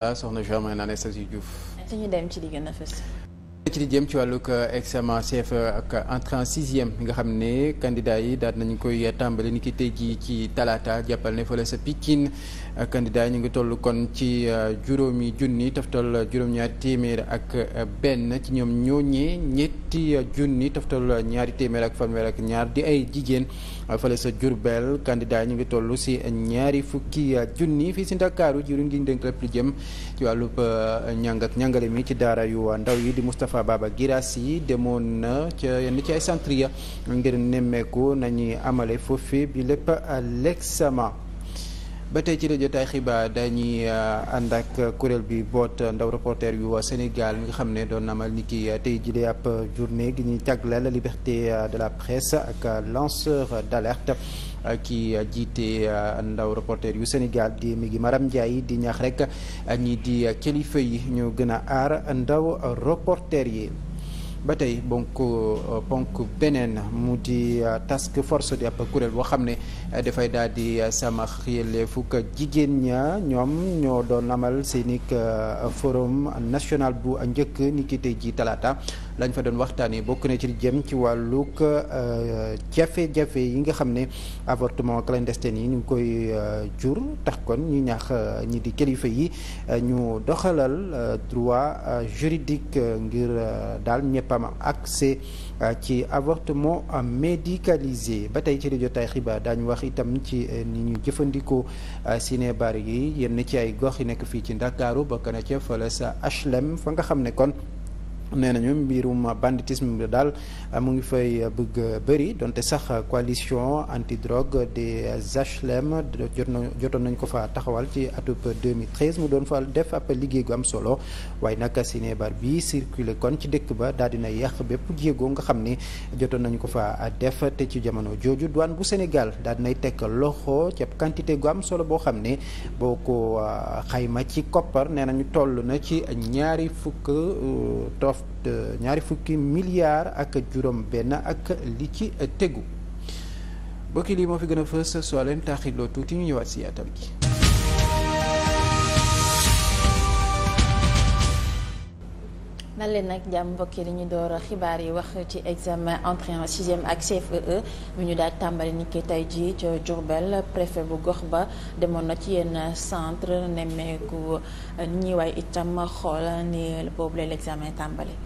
ah soxna Germaine Anesthésie Diouf. dañu dem ci li gën a ci di jëm ci wàllug euh, examen CFEE euh, ak entrée en sixième nga xam ne candidat yi daal nañu koy tàmbali ni ki tey jii ci talaata jàppal ne fële sa Pikine euh, candidat yi ñu ngi toll kon ci juróomi junni toftal juróom-ñaari téeméer ak benn ci ñoom ñooñee ñetti junni toftal ñaari téeméer ak fanweer ak ñaar di ay jigéen fële sa jurbeel kandidaa yi ñu ngi toll si ñaari fukki junni fii si Ndakaaru jëwriñ gi ñu lu jëm ci wàllu ñàng ak ñàngale mi ci daara yu ndaw yi di Moustapha Moustapha Baba Guirassy yi demoon na ca yenn ci ay centre ya ngir nemmeeku nañuy amale foofu bi lépp l'examen ba tey ci rajotaay xibaar dañuy euh, ànd ak kuréel bi boot ndaw reporter yu Sénégal mi nga xam ne doon amal ni ki euh, tey jile ab journée gi ñuy jagleel la liberté euh, de la presse ak lanceur d'alerte ki jiite ndaw reporter yu Sénégal di mi ngi Maram Ndiaye di ñaax rek ñi di kilifa yi ñoo gën a aar ndaw reporter yi ba tey bonk euh, bonk beneen mu di euh, task force di ab kuréel boo xam ne euh, dafay daal di sama xiyele fukk jigéen ña ñoom ñoo doon amal seen i forum national bu njëkk ni ki tey ji talaata. lañ fa doon waxtaan waxtaanee bokk na ci jëm ci wàllug euh, jafe-jafe yi nga xam ne avortement clandestin yi ñu ngi koy euh, jur tax kon ñu ñaax euh, ñi di kilifa yi ñu doxalal droit juridique ngir daal ñëpp am accès ci avortement médicalisé ba tey ci rajo tay xibaar daañu wax itam ci ni ñu jëfandikoo sine bari yi yenn ci ay gox yi nekk fii ci Ndakaaru bokk na ca fële sa fa nga xam ne kon nee nañu mbirum banditisme daal mu ngi fay bëgg bëri donte sax coalition anti drogue des HLM jot na jotoon nañ ko fa taxawal ci atub 2013 mu doon fa def ab liggéey gu am solo waaye nag sinébar bi circulé kon ci dëkk ba daal dina yàq bépp jéego nga xam ne jotoon nañu ko fa def te ci jamono jooju douane bu Sénégal daal dinay tekk loxo ci ab quantité gu am solo boo xam ne boo ko xayma ci koppar nee nañu toll na ci ñaari fukk euh, toof tolof ñaari fukki milliards ak juróom benn ak li ci tegu bokki lii moo fi gën a fës soo leen taaxiloo tuuti ñu ñëwaat si yaatal gi dal leen nag jàmm mbokk yi dañuy door xibaar yi wax ci examen entrée en sixième ak CFEE bi ñu daal tàmbali ni ki tey jii ca Diourbel bu gox ba demoon na ci yenn centre nemmeeku ñi waaye itam xool ni boobu la l'examen tàmbali.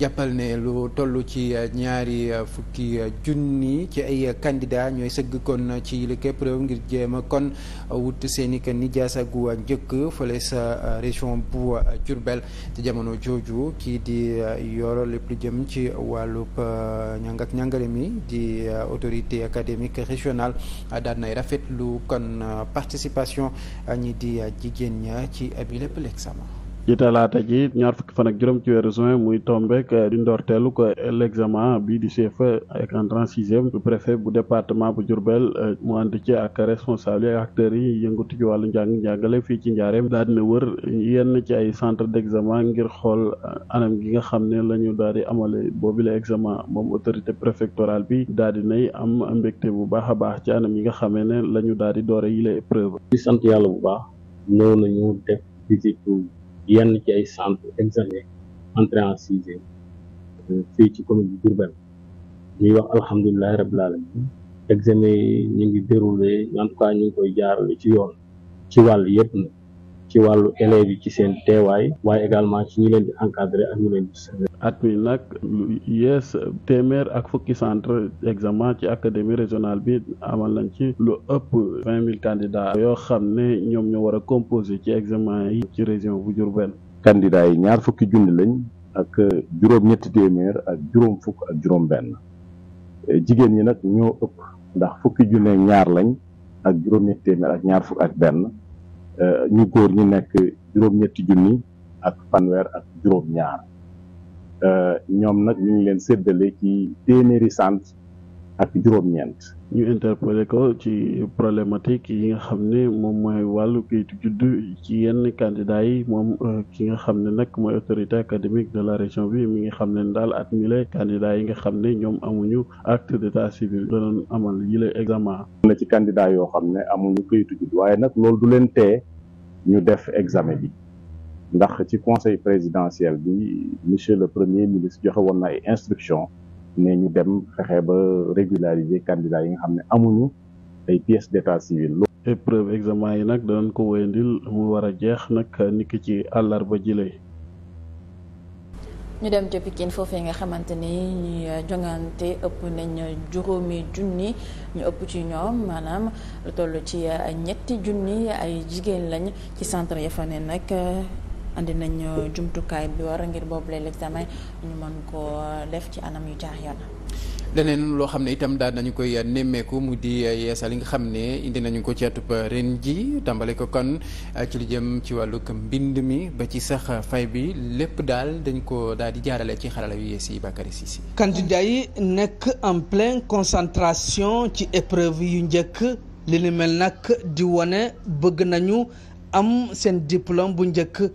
jàppal ne lu toll ci euh, ñaari euh, fukki euh, junni ci ay candidat ñooy sëgg kon ci li képp ngir jéem a kon wut seen i nijaasa gu njëkk fële sa région bu Diourbel te jamono jooju kii di yoro lépp lu jëm ci wàllub ñàng ak ñàngale mi di autorité académique régionale daan nay rafetlu kon participation ñi di jigéen ña ci bi lépp l'examen ci talaata ji ñaar fukki fan ak juróom ci weeru juin muy tombeek eh, di ndorteelu ko l'examen bi di CFEE ak entrant sixième préfet bu département bu Diourbel eh, mu ànd ci ak responsable yi ak acteurs yi yëngatu ci wàllu njàng njàngale fii ci njaareem daal dina wër yenn ci ay centre d'examen ngir xool eh, anam gi nga xam ne la ñu daal di amale boobi la moom autorité préfectorale bi daal di nay am mbégte bu baax a baax ci anam yi nga xamee ne la ñu daal di doore yi sant yàlla bu yan ci ay centre examen entrée en sixième euh, fii ci commune bi Diourbel ñuy wax alhamdulilahi rabbil alamin examen yi ñu ngi déroulé en tout ñu ngi koy jaarale ci yoon ci wàll yëpp nag ci wàllu élèves yi ci seen teewaay waaye également ci ñi leen di encadrer ak ñi leen di at mi nag yees téeméer ak fukki centre examen ci académie régionale bi amal nañ ci lu ëpp vingt mille candidats yoo xam ne ñoom ñoo war a composé ci examen yi ci région bu Diourbel candidats yi ñaar fukki junni lañ ak juróom ñetti téeméer ak juróom fukk ak juróom benn jigéen ñi nag ñoo ëpp ndax fukki junne ñaar lañ ak juróom ñetti téeméer ak ñaar fukk ak benn Euh, ñu góor ñi nekk juróom-ñetti junni ak fanweer ak juróom-ñaar euh, ñoom nag ñu leen séddale ki téeméeri sant ak juróom-ñeent. ñu interpellé ko ci problématique yi nga xam ne moom mooy wàllu kayitu juddu ci yenn candidat yi moom euh, ki nga xam ne nag mooy autorité académique de la région bi mi nga xam ne daal admilé candidat yi nga xam ne ñoom amuñu acte d'état civil danoon amal la examen. na ci candidat yoo xam ne amuñu kayitu juddu waaye nag loolu du leen tee ñu def examen bi. ndax ci conseil présidentiel bi monsieur le premier ministre joxe woon na ay instructions. ne ñu dem fexe ba régulariser candidat yi nga xam ne amuñu ay pièces d'état civil. épreuve examen yi nag danañ ko wéyandil mu wara jeex nag niki ci àllarba jile. ñu dem ca Pikine foofee nga xamante ni ñi euh, jongante ëpp nañ juróomi junni ñu ëpp ci ñoom maanaam lu toll ci ay euh, ñetti junni ay jigéen lañ ci centre ya fa ne nag euh, andi nañ jumtukaay bi war ngir boobu lay l'examen ñu mën koo def ci anam yu jaax yoon leneen loo xam ne itam daal nañu koy nemmeeku mu di yeesal li nga xam ne indi nañu ko ci atub ren ji tàmbale ko kon uh, ci lu jëm ci wàllu mbind mi ba ci sax fay bi lépp daal dañ ko daal di jaarale ci xarala yu yees yi Bakary Cissé candidat yi nekk en pleine concentration ci épreuve yu njëkk li ni mel nag di wone bëgg nañu am seen diplôme bu njëkk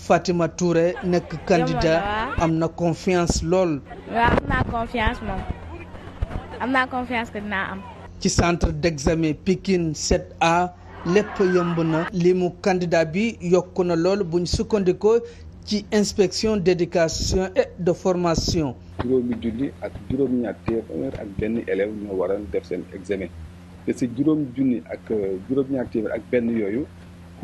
Fatima Touré nekk candidat am na confiance lool. waaw am naa confiance moom am naa confiance que dinaa am. ci centre d'examen Pikine 7A lépp yomb na. li mu candidat bi yokku na lool buñ sukkandikoo ci inspection d'éducation et de formation. juróomi junni ak juróom ñaar téeméer ak benn élève ñoo waral def seen examen te si juróom junni ak euh, juróom ñaar téeméer ak benn yooyu.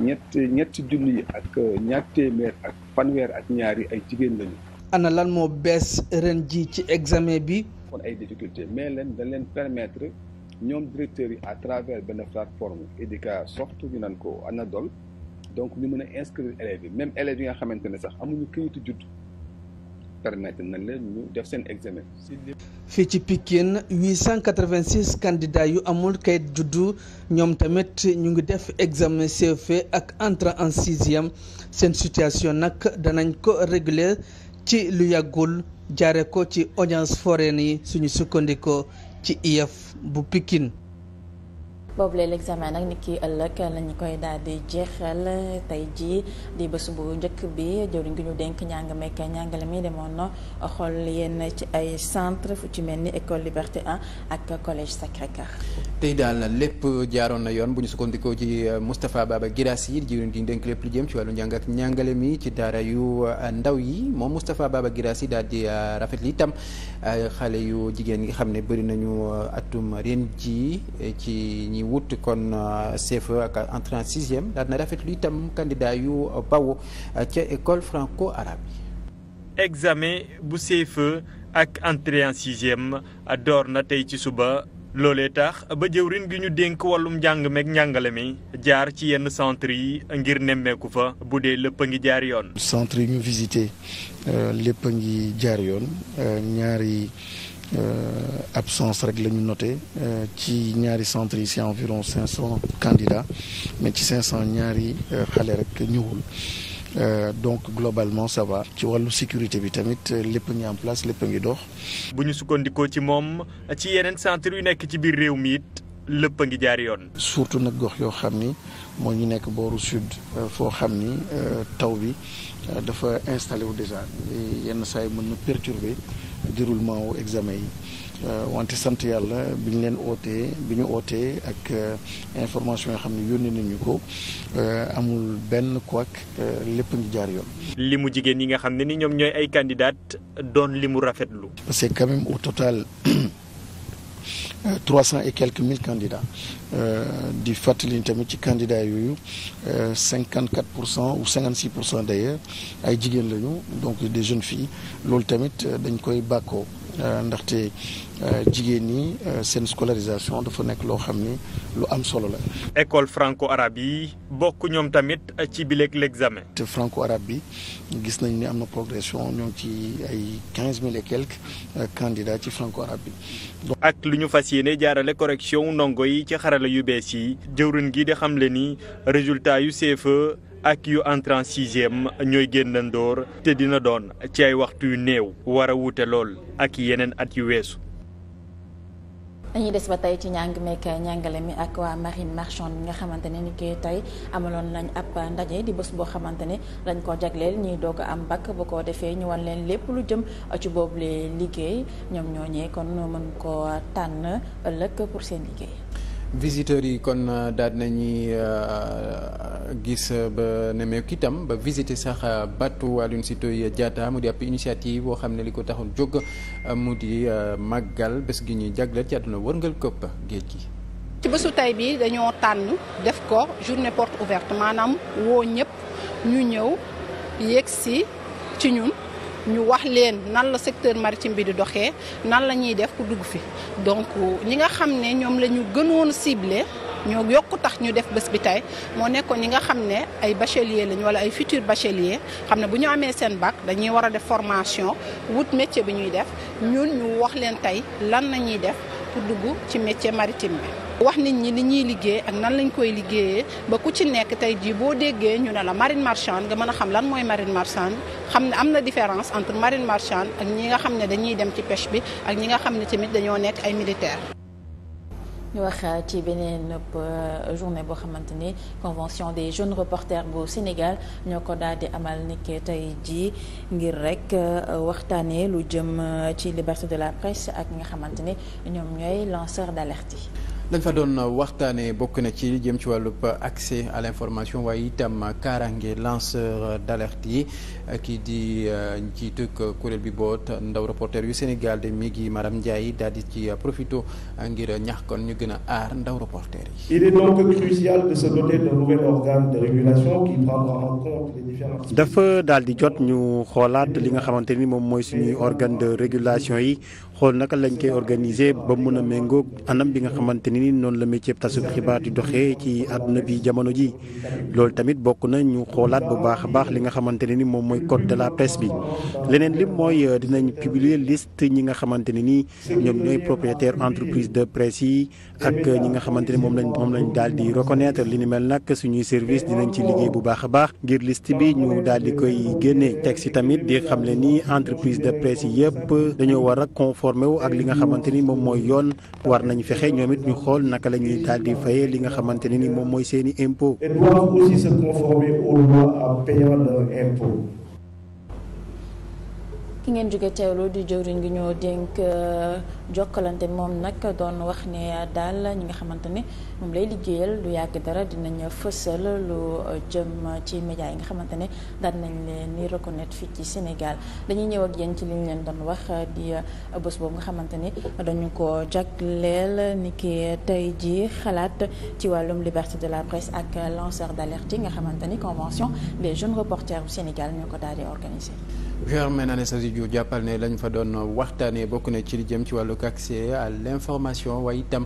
ñett ñetti junni yi ak euh, ñaar téeméer ak fanweer ak ñaar yi ay jigéen lañu. ana lan moo bees ren ji ci examen bi. kon ay difficulté mais leen dañ leen permettre ñoom directeurs yi à travers benn plateforme Educa Soft ñu naan ko Anadol donc ñu mën a inscrire élèves yi même élèves yi nga xamante ne sax amuñu këyitu judd. permettre nañ leen def seen examen. fii ci Pikine 886 candidats yu amul kayit juddu ñoom tamit ñu ngi def examen CFEE ak entre en sixième seen situation nag danañ ko réguler ci lu yàggul jaare ko ci audience foraine yi suñu sukkandikoo ci IEF bu Pikine. boobule l'examen nag nit ki ëllëg lañu koy daal di jeexal tey jii di bés bu njëkk bi jëwriñ gi denk njàng mekk njàngale mi demoon na xool yenn ci ay centre fu ci mel ni école Liberté 1 ak collège Sacré-Cœur. tey daal lépp jaaroon na yoon bu ñu sukkandikoo ci euh, Moustapha Baba Guirassy jëwriñ gi ñu dénk lépp lu jëm ci wàllu njàng njàngale mi ci daara yu euh, ndaw yi moom Moustapha Baba yi daal di euh, rafetlu itam xale yu jigéen yi nga xam ne bëri nañu atum ren ji wut kon euh, CFE ak entrée en sixième daal na rafetlu itam candidat yu euh, bawo euh, ca école franco-arabe yi. examen bu CFE ak entrée en sixième door na tey ci suba. loolee tax ba jëwrin gi ñu dénk wallum njàng meeg njàngale mi jaar ci yenn centre yi ngir nemmeeku fa bu dee lépp a ngi jaar yoon. centre yi ñu visité lépp a ngi jaar yoon ñaari. Euh, absence rek la ñu noté euh, ci ñaari centre yi si environ cinq cent candidats mais ci cinq cent ñaari euh, xale rek ñëwul donc globalement ça ci wàllu sécurité bi tamit lépp ngi en place lépp ngi dox. bu ñu sukkandikoo ci moom ci yeneen centre yu nekk ci biir réew mi it lépp a ngi jaar yoon. surtout nag gox yoo xam ni moo ñu nekk booru sud foo xam ni taw bi dafa installé wu déjà yenn saa yi mën na perturber. déroulement wu examen yi euh, wante sant yàlla bi ñu leen ootee bi ñu ootee ak euh, information yoo xam ne yónnee nañu ko euh, amul benn couac lépp ngi jaar yoon. mu jigéen yi nga xam ne ni ñoom ñooy ay candidat doon limu rafetlu. parce que quand même au total. trois cent et quelques mille candidats euh, di fàttali tamit ci candidats yooyu euh, cinquante quatre pour cent ou cinquante six pour cent d' ay jigéen lañu donc des jeunes filles loolu tamit euh, dañ koy bàkkoo Euh, ndaxte euh, jigéen ñi euh, seen scolarisation dafa nekk loo xam ni lu am solo la. école franco arabe yi bokk ñoom tamit ci bileeg l'examen. te franco arabe bi gis nañ ni am na progression ñoo ci ay quinze mille et quelques candidats ci franco arabe bi. ak lu ñu fas yéene jaarale correction ndongo yi ci xarale yu bees yi jëwriñ gi di xamle ni résultat yu CFEE ak yu entré en sixième ñooy génnandoor te dina doon ci ay waxtu yu néew war a wuute lool ak yeneen at yu weesu. dañuy des ba tey ci njàng meek njàngale mi ak waa marine marchande bi nga xamante ne ni ki tey amaloon nañ ab ndaje di bës boo xamante ne dañ ko jagleel ñiy doog am bakk bu ko defee ñu wan leen lépp lu jëm a ci boobu liggéey ñoom ñoo ñooñee kon mën ko tànn ëllëg pour seen liggéey. visiteurs yi kon euh, daal nañuy euh, gis euh, ba nemmeeku itam ba visiter sax batu Aline Sitoé Diatta mu di ab initiative boo xam ne li ko taxul jóg mu di màggal bés gi ñuy jagleel ci àdduna wërngal këpp géej gi. ci bésu tey bi dañoo tànn def ko journée porte ouverte maanaam woo ñëpp ñu ñëw yegg si ci ñun. ñu wax leen nan la secteur maritime bi di doxee nan la ñuy def ku dugg fi donc ñi nga xam ne ñoom la ñu gënoon ciblé ñoo yokk tax ñu def bés bi tey moo nekkoon ñi nga xam ne ay bachelier lañ wala ay futur bachelier xam ne bu ñu amee seen bac dañuy war a def formation wut métier bi ñuy def ñun ñu wax leen tey lan la ñuy def pour dugg ci métier maritime bi. wax nit ñi ni ñuy liggéey ak nan lañ koy liggéeyee ba ku ci nekk tey jii boo déggee ñu ne la marine marchande nga mën a xam lan mooy marine marchande xam ne am na différence entre marine marchande ak ñi nga xam ne dañuy dem ci pêche bi ak ñi nga xam ne tamit dañoo nekk ay militaire ñu wax euh, ci beneen euh, journée boo xamante ni convention des jeunes reporters bu Sénégal ñoo ko daal di amal niki tey jii ngir rek euh, waxtaanee lu jëm ci liberté de la presse ak nga xamante ni ñoom ñooy lanceur d'alerte yi. lañ fa doon waxtaanee bokk na ci jëm ci wàllu accès à l'information waaye itam kaaraange lanceur d'alerte yi kii di euh, njiitu kuréel bi boot ndaw reporter yu Sénégal de mi gi Maram Ndiaye daal di ci profito ngir ñax kon ñu gën a aar ndaw reporter yi. dafa daal di jot ñu xoolaat li nga xamante ni moom mooy suñuy organe de régulation yi. xool naka lañ koy organiser ba mun a méngoog anam bi nga xamante ni noonu la métier tasub xibaar di doxee ci àdduna bi jamono ji loolu tamit bokk na ñu xoolaat bu baax a baax li nga xamante ne ni moom mooy code de la presse bi leneen lim mooy euh, dinañ publier liste ñi nga xamante ne ni ñoom ñooy propriétaire entreprise de presse yi ak euh, ñi nga xamante ne moom lañ moom lañ daal di reconnaître li ni mel nag suñuy service dinañ ci liggéey bu baax a baax ngir liste bi ñu daal di koy génnee texte tamit di xam le ni entreprise de presse yi yëpp dañoo war a conformé wu ak li nga xamante ni moom mooy yoon war nañ fexe ñoom it ñu xool naka la ñuy daal di fayee li nga xamante ne ni moom mooy seeni impôt. Et doivent aussi se conformer aux lois ki ngeen jóge teewlu di jëwriñ gi ñoo dénk euh, jokkalante moom nag doon wax ne daal ñi nga xamante ne moom lay liggéeyal lu yàgg dara dinañ fësal lu jëm ci médias yi nga xamante ne daan nañ leen ni reconnaître fii ci Sénégal dañuy ñëw ak yéen ci li ñu leen doon wax di euh, bés boobu nga xamante ni dañu ko jagleel ni ki tey ji xalaat ci wàllum liberté de la presse ak lanceur d'alerte yi nga xamante ni convention des jeunes reporters bu Sénégal ñoo ko daal di organiser sa Anastasi Diouf jàppal ne lañ fa doon waxtaanee bokk na ci li jëm ci wàllu accès à l' information waaye itam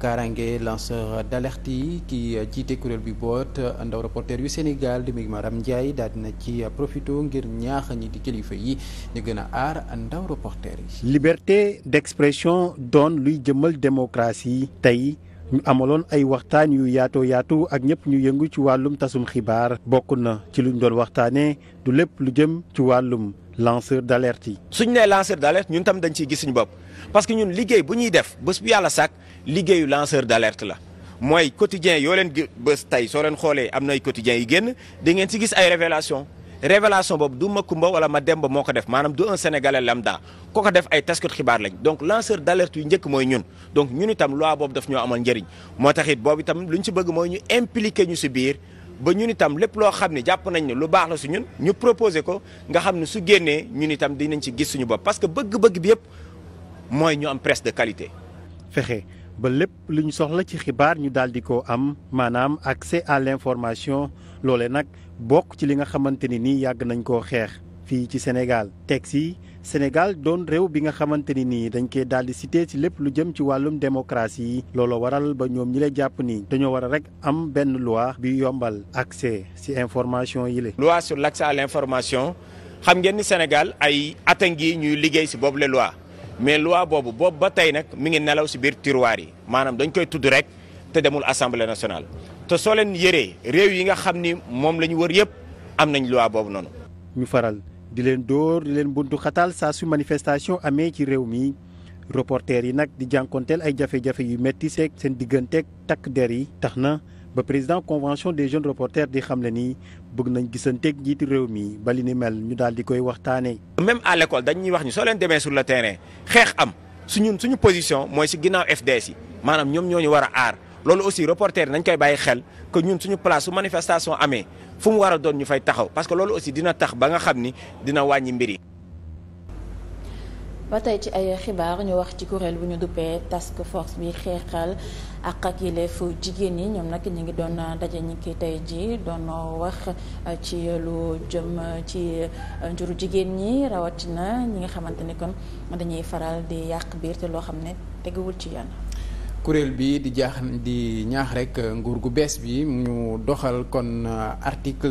kaaraange lanceur d' alerte yi ki jiite kuréel bi boot ndaw reporter yu Sénégal di Maram Ndiaye daal dina ci profité ngir ñaax ñi di kilifa yi ñu gën a aar ndaw reporter yi. liberté d' expression doon luy jëmal démocratie tey. ñu amaloon ay waxtaan yu yaatoo yaatu ak ñëpp ñu yëngu ci wàllum tasum xibaar bokk na ci lu ñu doon waxtaanee du lépp lu jëm ci wàllum lanceur d'alerte yi. suñ nee lanceur d'alerte ñun tam dañ ciy gis suñu bopp parce que ñun liggéey bu ñuy def bés bu yàlla sàkk liggéeyu lanceur d'alerte la. mooy quotidien yoo leen bés tey soo leen xoolee am na ay quotidien yi génn da ngeen si gis ay révélation révélation boobu du ma ma dem Mademba moo ko def maanaam du un lam lambda ko ko def ay taskat xibaar lañ donc lanceur d'alerte yu njëkk mooy ñun donc ñun itam loi boobu daf ñoo amal njariñ moo taxit it boobu itam lu ñu ci bëgg mooy ñu impliqué ñu si biir ba ñun itam lépp loo xam ne jàpp nañ ne lu baax la su ñun ñu proposé ko nga xam ne su génnee ñun itam dinañ ci gis suñu bopp parce que bëgg-bëgg bi yëpp mooy ñu am presse de qualité. fexe ba lépp lu ñu soxla ci xibaar ñu daal di ko am maanaam accès à l'information. loole nag bokk ci li nga xamante ni nii yàgg nañu koo xeex fii ci Sénégal teg si Sénégal doon réew bi nga xamante ni nii dañ koy daal di cité si lépp lu jëm ci wàllum yi looloo waral ba ñoom ñi lay jàpp nii dañoo war a rek am benn loi bi yombal accès si information yi la. loi sur l'accès à l'information xam ngeen ni Sénégal ay atangi ñuy liggéey si boobu la loi mais loi boobu boobu ba tey nag mi ngi nelaw si biir tiroir yi maanaam dañ koy tudd rek te demul assemblée nationale. te soo leen yëree réew yi nga xam ni moom la ñu wër yëpp am nañ loi boobu noonu. ñu faral di leen dóor di leen buntu xataal saa su manifestation amee ci réew mi reporter yi nag di jànkonteel ay jafe-jafe yu metti seeg seen digganteeg takk der yi tax na. ba président convention des jeunes reporters di xam ne ni bëgg nañ gisanteeg njiitu réew mi ba li ni mel ñu daal di koy waxtaanee. même à l'école dañuy wax ni soo leen demee sur le terrain xeex am suñun suñu position mooy si ginnaaw FDS yi maanaam ñoom ñoo ñu war a aar loolu aussi reporter nañ koy bàyyi xel que ñun suñu place su manifestation amee fu mu war doon ñu fay taxaw parce que loolu aussi dina tax ba nga xam ni dina wàññi mbir yi. ba tey ci ay xibaar ñu wax ci kuréel bu ñu duppee task force bi xeexal ak ak yëleefu jigéen ñi ñoom nag ñu ngi doon daje ñi ki tey ji doon wax ci lu jëm ci njuru jigéen ñi rawatina ñi nga xamante ni kon dañuy faral di yàq biir te loo xam ne teguwul ci yoon. kuréel bi di jaax di ñaax rekk nguur gu bees bi mu doxal kon euh, article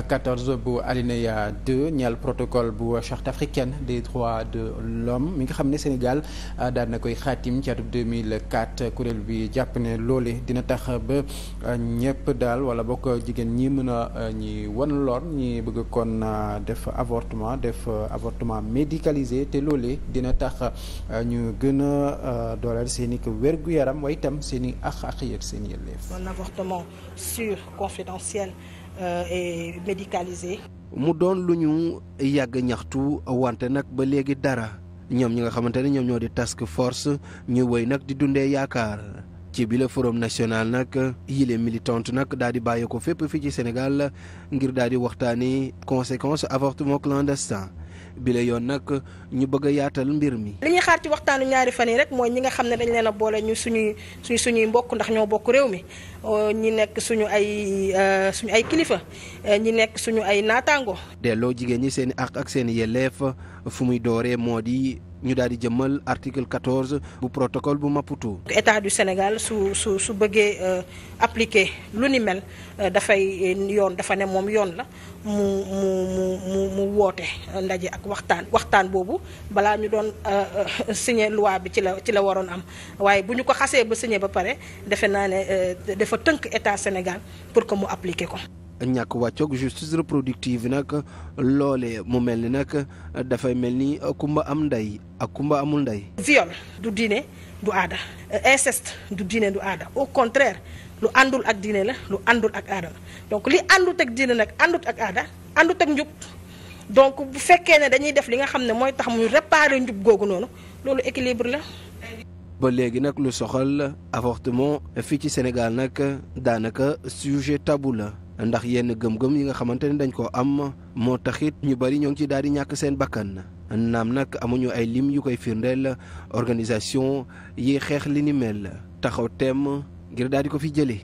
14 bu alinéa 2 ñeel protocole bu charte africaine de droits de l'homme mi nga xam ne Sénégal ah, daan na koy xaatim ci atum 2004 kuréel bi jàpp ne loole dina tax ba ah, ñëpp daal wala bokk jigéen ñi mën a ah, ñi wan lor ñi bëgg kon def avortement def avortement médicalisé te loole dina tax ñu gën a dooleel seen i wér-gu-yaram waaye itam seen i ax ax yeeg seen i Euh, et médicalisé. mu doon lu ñu yàgg ñaxtu wante nag ba léegi dara ñoom ñi nga xamante ne ñoom ñoo di task force ñu wéy nag di dundee yaakaar ci bi la forum national nag yile militante nag daal di bàyyi ko fépp fii ci Sénégal ngir daal di waxtaani conséquence avortement clandestin bi yoon nag ñu bëgg a yaatal mbir mi. li ñuy xaar ci waxtaanu ñaari fan yi rek mooy ñi nga xam ne dañ leen a boole ñu suñuy suñ suñuy mbokk ndax ñoo bokk réew mi ñu nekk suñu ay euh, suñu ay kilifa euh, ñu nekk suñu ay naataango. delloo jigéen ñi seen i àq ak seen i yelleef fu muy doore moo di. ñu daal di jëmmal article 14 bu protocole bu Maputo. état du Sénégal su su su bëggee euh, appliquer lu ni mel euh, dafay euh, yoon dafa ne moom yoon la mu mu mu mu woote ndaje ak waxtaan waxtaan boobu balaa ñu doon signer loi bi ci la ci la waroon am waaye bu ñu ko xasee ba signer ba pare defe naa ne dafa tënk état Sénégal pour que mu appliquer ko. ñàkk wàccoog justice reproductive nag loole mu mel ni nag dafay mel ni kumba am ndey ak kumba amul ndey. viol du diine du aada inceste du diine du aada au contraire lu àndul ak diine la lu àndul ak aada la donc li àndut ak diine nag àndut ak aada àndut ak njub donc bu fekkee ne dañuy def li nga xam ne mooy tax mu réparer njub googu noonu loolu équilibre la. ba léegi nag lu soxal avortement fii ci Sénégal nag daanaka sujet tabou la. ndax yenn gëm-gëm yi nga xamante ni dañ koo am moo taxit ñu bari ñoo ngi ci daal di ñàkk seen bakkan naam nag amuñu ay lim yu koy firndeel organisation yi xeex li ni mel taxaw temm ngir daal di ko fi jëlee.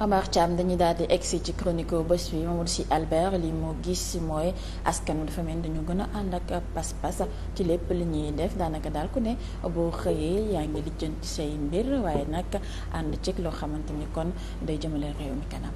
Amar Thiam dañuy daal di egsi ci chronique bés bi Mamadou Sy Albert li mu gis mooy askan wi dafa mel ni dañu gën a ànd ak pas-pas ci lépp li ñuy def daanaka daal ko ne boo xëyee yaa ngi lijjanti say mbir waaye nag ànd ci loo xamante ni kon day jëmale réew mi kanam.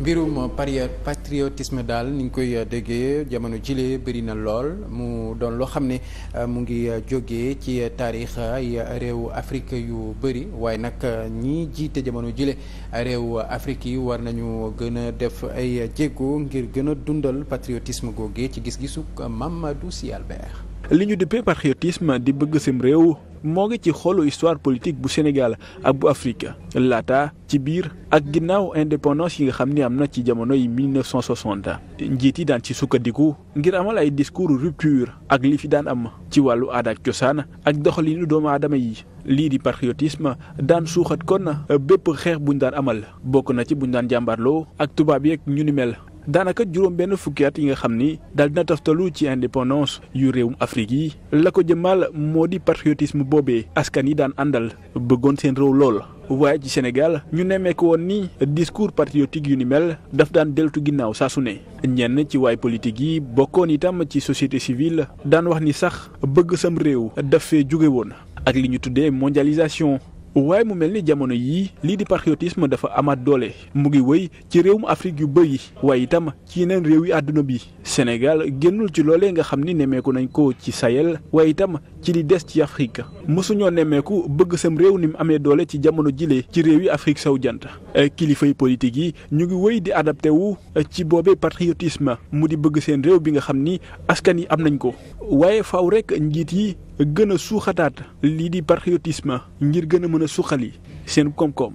mbirum pari patriotisme daal ni nga koy déggee jamono jile bëri na lool mu doon loo xam ne euh, mu ngi jóge ci taarix ay réew Afrique yu bëri waaye nag euh, ñi jiite jamono jile réew Afrique yi war nañu gën a def ay jéego ngir gën a dundal patriotisme googee ci gis-gisu Mamadou si Albert. li ñu dëppee patriotisme di bëgg sim réew. moo ngi ci xolu histoire politique bu Sénégal ak bu Afrique laata ci biir ak ginnaaw indépendance yi nga xam ni am na ci jamono yi 1960 njiit yi daan ci sukkandiku ngir amal ay discours rupture ak li fi daan am ci wàllu aada ak cosaan ak doxalinu doomu aadama yi lii di patriotisme daan suuxat kon bépp xeex bu buñ daan amal bokk na ci bu buñ daan jàmbarloo ak tubaab yeeg ñu ni mel. daanaka juróom benn fukki at yi nga xam ni daal dina taftalu ci indépendance yu réewum Afrique yi la ko jëmal moo di patriotisme boobee askan yi daan àndal bëggoon seen réew lool. waaye ci Sénégal ñu nemmeeku woon ni discours patriotique yu ni mel daf daan deltu ginnaaw saa su ne ñenn ci waay politique yi bokkoon itam ci société civile daan wax ni sax bëgg sam réew daf fee jóge woon ak li ñu tuddee mondialisation. waaye mu mel ni jamono yii lii di patriotisme dafa amaat doole mu ngi wëy ci réewum Afrique yu bëri waaye itam ci yeneen réew yi àdduna bi Sénégal génnul ci loole nga xam ni nemmeeku nañ ko ci Sahel waaye itam ci li des ci Afrique mosuñoo nemmeeku bëgg seen réew ni mu amee doole ci jamono jile ci réew yi Afrique sowu jant eh, kilifay politique yi ñu ngi wëy di adapté wu eh, ci boobee patriotisme mu di bëgg seen réew bi nga xam ni askan yi am nañ ko waaye faaw rek njiit yi gën a suuxataat lii di patriotisme ngir gën a mën a suqali seen koom-koom.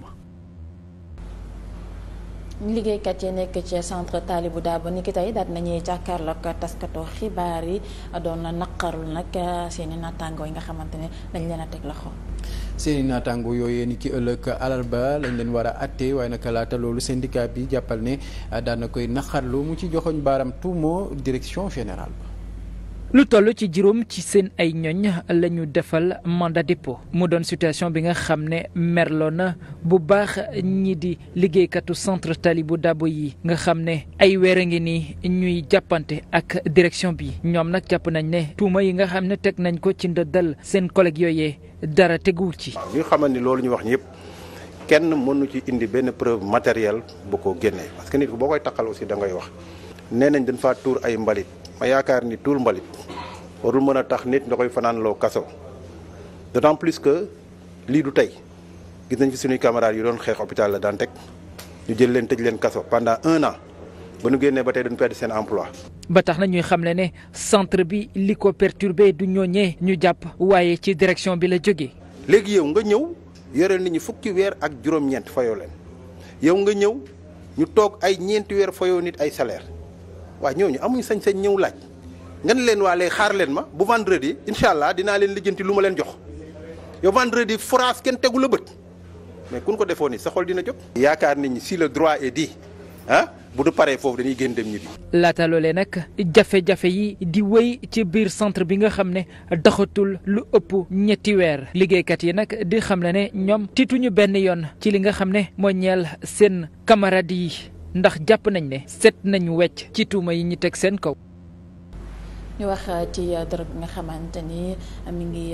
liggéeykat yee nekk ci centre Talibou Dabo niki tey daat nañuy jàkkaarloog taskatoo xibaar yi doon na naqarul nag eh, seen i naataangoo yi nga xamante ne dañ leen a teg loxo. seeni naataango yooyee ni ki ëllëg alarba lañ leen war a atte waaye nag laata loolu syndicat bi jàppal ne eh, daan na koy naqarlu mu ci joxoñ baaram tuumoo direction générale. lu toll ci juróom ci seen ay ñoñ la ñu defal mandat dépôt mu doon situation bi nga xam ne merloo na bu baax ñi di liggéeykatu centre bu Dabo yi nga xam ne ay weer a ngi nii ñuy jàppante ak direction bi ñoom nag jàpp nañ ne tuuma yi nga xam ne teg nañ ko ci ndëddal seen collègue yooyee dara teguwul ci. ñu xamal ni loolu ñu wax ñëpp kenn mënu ci indi benn preuve matérielle bu ko génnee parce que nit boo koy takkal aussi da ngay wax nee nañ dañ faa ay mbalit. ma yaakaar ni tuur mbalit warul mën a tax nit nga koy fanaanloo kaso d'autant plus que lii du tey gis nañ fi suñuy camarades yu doon xeex hôpital la daan teg ñu jël leen tëj leen kaso pendant un an ba ñu génnee ba tey dañu perdre seen emploi ba tax na ñuy xamle ne centre bi li ko perturbé du ñooñee ñu jàpp waaye ci direction bi la jóge léegi yow nga ñëw yoreel nit ñi fukki weer ak juróom-ñeent fayoo leen yow nga ñëw ñu toog ay ñeenti weer fayoo ni ay salaire waa ñooñu amuñu sañ-sañ ñëw laaj nga leen waa lay xaar leen ma bu vendredi incha allah dinaa leen lijjanti lu ma leen jox yow vendredi France kenn tegu la bët mais kun ko defoon ni sa xol dina jóg. yaakaar nañu si le droit et di ah bu du paree foofu dañuy génn dem ñibbi. laata loolee nag jafe-jafe yi di wéy ci biir centre bi nga xam ne doxatul lu ëpp ñetti weer liggéeykat yi nag di xam ne ne ñoom tiituñu benn yoon ci li nga xam ne moo ñeel seen camarades yi. ndax jàpp nañ ne seet nañu wecc ci tuuma yi ñu teg seen kaw ñu wax euh, ci euh, drogue bi nga xamante ni euh, mi ngi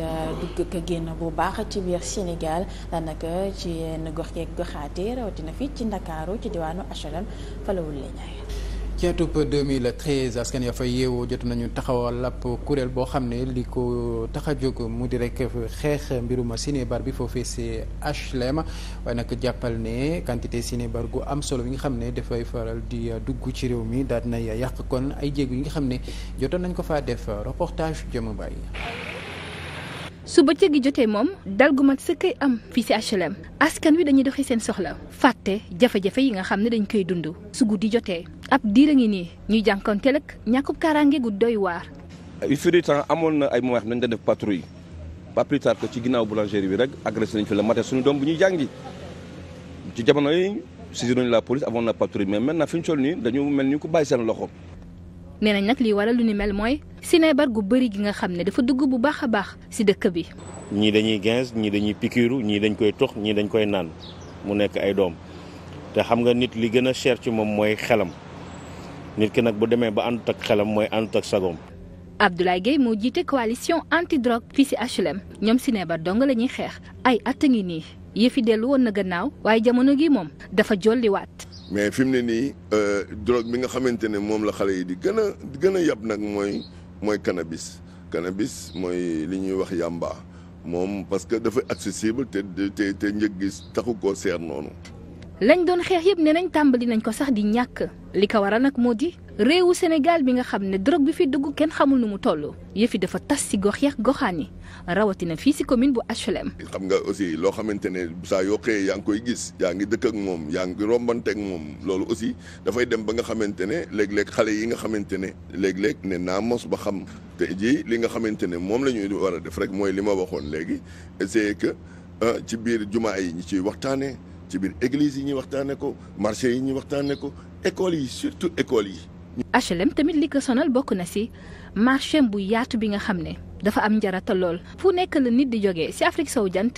dugg ak génn bu baax ci biir Sénégal daanaka ci yenn gox yeeg goxaati rawatina fii ci Ndakaaru ci diwaanu HLM falawul la ñaay ci atub 2013 askan ya fa yeewoo jot nañu taxawal ab kuréel boo xam ne li ko tax a jóg mu di rekk xeex mbiruma cinébar bi foofee si HLM waaye nag jàppal ne quantité cinébar gu am solo bi nga xam ne dafay faral di dugg ci réew mi daal di na yàq kon ay jéeg yi nga xam ne jotoon nañ ko faa def reportage jëm bàyyi. su bëccëg gi jotee moom dal gu mat sëkkay am fii ci HLM askan wi dañuy doxi seen soxla fàtte jafe-jafe yi nga xam ne dañ koy dund su guddi jotee ab diir a ngi nii ñuy jànkonteel ak ñàkkub kaaraange gu doy waar. il fut temps amoon na ay moment xam dañ doon def patrouille pas plus tard que ci ginnaaw boulangerie bi rek agressé nañ fi la matin suñu doom bu ñuy jàngi ci jamono yi saisir nañu la police amoon na patrouille mais maintenant fi ñu toll nii dañu mel ni ku bàyyi seen loxo. nee nañ nag lii waral lu ni mel mooy sinébar gu bari gi nga xam ne dafa dugg bu baax a baax si dëkk bi. ñii dañuy gens ñii dañuy pikiiru ñii dañ koy tox ñii dañ koy naan mu nekk ay doom te xam nga nit li gën a cher ci moom mooy xelam nit ki nag bu demee ba àndut ak xelam mooy àndut ak sagoom. Abdoulaye Gueye moo jiite coalition anti drogue fii si HLM ñoom sinébar dong la ñuy xeex ay at a ngi nii yëfi dellu woon na gannaaw waaye jamono gi moom dafa jolliwaat. mais fi mu ne nii euh, drogue bi nga xamante ne moom la xale yi di gën a gën a yab nag mooy mooy cannabis cannabis mooy li ñuy wax yàmba moom parce que dafa accessible te te te njëg gi taxu ko seer noonu. lañ doon xeex yëpp ne nañ tàmbali nañ ko sax di ñàkk li ko waral nag moo di. réewu Sénégal bi nga xam ne drogue bi fi dugg kenn xamul nu mu toll yëfi dafa tas ci gox yeex goxaan yi rawatina fii si commune bu HLM. xam nga aussi loo xamante ne saa yoo yaa ngi koy gis yaa ngi dëkk ak moom yaa ngi rombante moom loolu aussi dafay dem ba nga xamante ne léeg xale yi nga xamante ne léeg-léeg ne naa mos ba xam te ji li nga xamante ne moom la ñuy war a def rek mooy li ma waxoon léegi c'est que ah, ci biir jumaa yi ñu ci waxtaanee ci biir église yi ñuy waxtaanee ko marché yi ñuy waxtaanee ko école yi surtout école yi. HLM tamit li ko sonal bokk na ci marché bu yaatu bi nga xam ne dafa am njarata lool fu nekk la nit di jógee si Afrique saw jant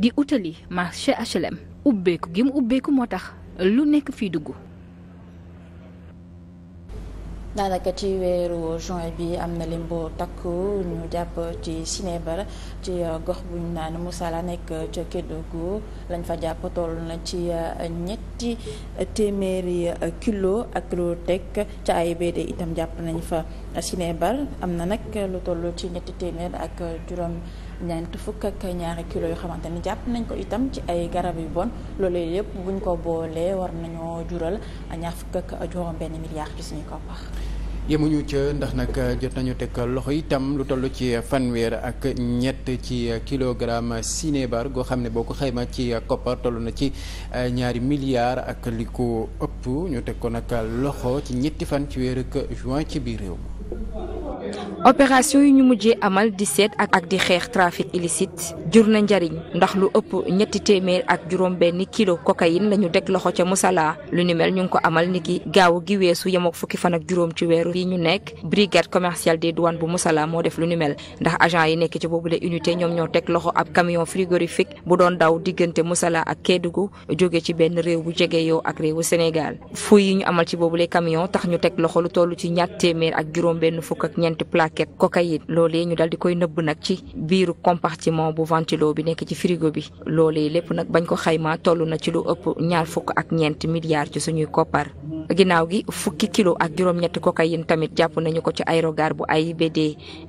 di utali marché HLM ubbeeku gi mu ubbeeku moo tax lu nekk fii dugg. daanaka ci weeru juin bi am na leen boo takku ñu jàpp ci Sinébar ci euh, gox bu ñu naan Moussala nekk ca Kédougou lañ fa jàpp toll na ci euh, ñetti téeméeri kilo ak lu teg ca AIBD itam jàpp nañ fa Sinébar am na nag lu toll ci ñetti téeméer ak juróom. ñeent fukk ak ñaari kilos yoo xamante ni jàpp nañ ko itam ci ay garab yu bon loolee yëpp buñ ko boolee war nañoo jural ñaar fukk ak juróom benn milliard ci suñu koppar. yemuñu ca ndax nag jot nañu teg loxo itam lu toll ci fanweer ak ñett ci kilo kilogramme sinébar goo xam ne boo ko xëyma ci koppar toll na ci ñaari milliards ak li ko ëpp ñu teg ko nag loxo ci ñetti fan ci weer juin ci biir réew mi opération yi ñu mujjee amal di seet ak ak di xeex trafic illicite jur na njariñ ndax lu ëpp ñetti téeméer ak juróom benn kilo cocaïne la ñu teg loxo ca Musala lu ni ñu ngi ko amal ki gaaw gi weesu yemook fukki fan ak juróom ci weeru yi ñu nekk brigade commerciale des douanes bu Musala moo def lu ni mel ndax agent yi nekk ci boobu boobule unité ñoom ñoo teg loxo ab camion frigorifique bu doon daw diggante Musala ak Kédougou jóge ci benn réew bu jege yow ak réewu Sénégal fu yi ñu amal ci boobule tax ñu teg loxo lu toll ci ñeenti plaquette cocaïne loolee ñu dal di koy nëbb nag ci biiru compartiment bu ventilo bi nekk ci frigo bi loolee lépp nag bañ ko xaymaa toll na ci lu ëpp ñaar fukk ak ñeent milliards ci suñuy koppar ginnaaw gi fukki kilo ak juróom-ñetti cocaïne tamit jàpp nañu ko ci aérogare bu ay AIBD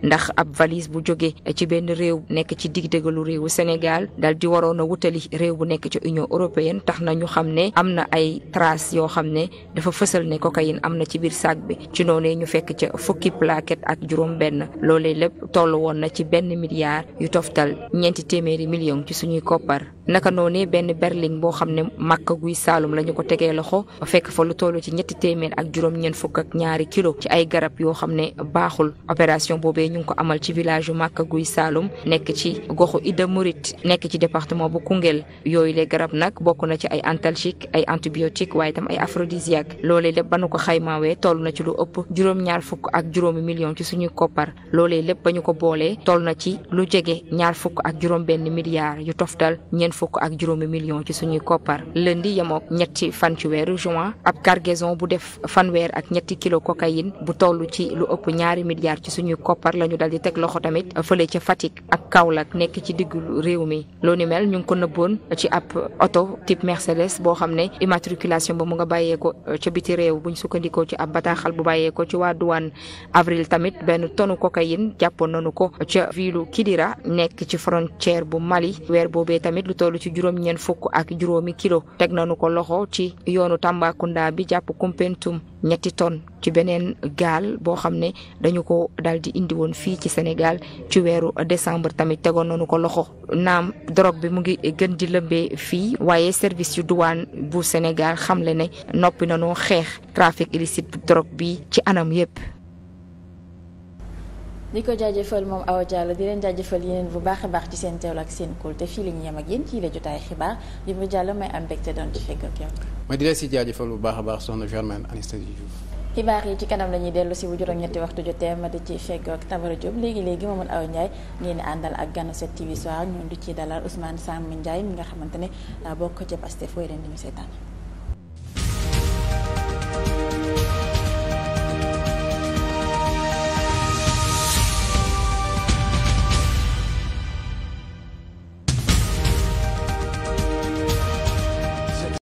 ndax ab valise bu jóge ci benn réew nekk ci digg-dëggalu réewu Sénégal dal di waroon a wutali réew bu nekk ci Union européenne tax na ñu xam ne am na ay traces yoo xam ne dafa fësal ne cocaïne am na ci biir sac bi ci noonu ñu fekk ca fukki plaquette ak juróom-benn loolee lépp toll woon na ci benn milliard yu toftal ñeenti téeméeri million ci suñuy koppar naka noonu benn berline boo xam ne màkk guy Saalum lañu ko tegee loxo ci ñetti téeméer ak juróom-ñeent fukk ak ñaari kilo ci ay garab yoo xam ne baaxul opération boobee ñu ngi ko amal ci village yu Màkka Guy Saalum nekk ci goxu Ida Murit nekk ci département bu Koungheul yooyu les garab nag bokk na ci ay antalgique ay antibiotique waaye tam ay aphrodisiaque loolee lépp ba nu ko we toll na ci lu ëpp juróom-ñaar fukk ak juróomi million ci suñuy koppar loolee lépp ñu ko boolee toll na ci lu jege ñaar fukk ak juróom benn milliard yu toftal ñeent fukk ak juróomi million ci suñuy koppar lundi yemook ñetti fan ci weeru juin ab cargaison livraison bu def fanweer ak ñetti kilo cocaïne bu toll ci lu ëpp ñaari milliards ci suñu koppar la ñu dal di teg loxo tamit fële ca Fatick ak Kaolack nekk ci diggu réew mi. loo ni mel ñu ngi ko nëbboon ci ab oto type Mercedes boo xam ne immatriculation ba mu nga bàyyeeko euh, ca biti réew buñ sukkandikoo ci ab bataaxal bu bàyyeeko ci waa douane avril tamit benn tonu cocaïne jàppoon nañu ko ca vilu Kidira nekk ci frontière bu Mali weer boobee tamit lu toll ci juróom fukk ak juróomi kilo teg nañu jàpp Koumpentoum ñetti tonnes ci beneen gaal boo xam ne dañu ko daal di indi woon fii ci Sénégal ci weeru décembre tamit tegoon nañu ko loxo naam drogue bi mu ngi gën di lëmbee fii waaye service yu duwaan bu Sénégal xamle ne noppi nañoo xeex trafic illicite bu drogue bi ci anam yépp di ko jaajëfal moom aw Diallo di leen jaajëfal yeneen bu baax a baax ci seen teewlu ak seen kóol te fii la ñu yem ak yéen ci la jotaay xibaar yi mu jàll may am mbégte doon ci fekk yi ci kanam la ñuy dellu si bu juróom-ñetti waxtu jotee ma di ci fekk ak Tabara Diop léegi léegi Mamadou Awa Ndiaye ngeen àndal ak ganu 7TV soir ñun du ci dalal Ousmane Sam Ndiaye mi nga xamante ne ah, bokk ca Pastef fooy leen di ñu seetaan.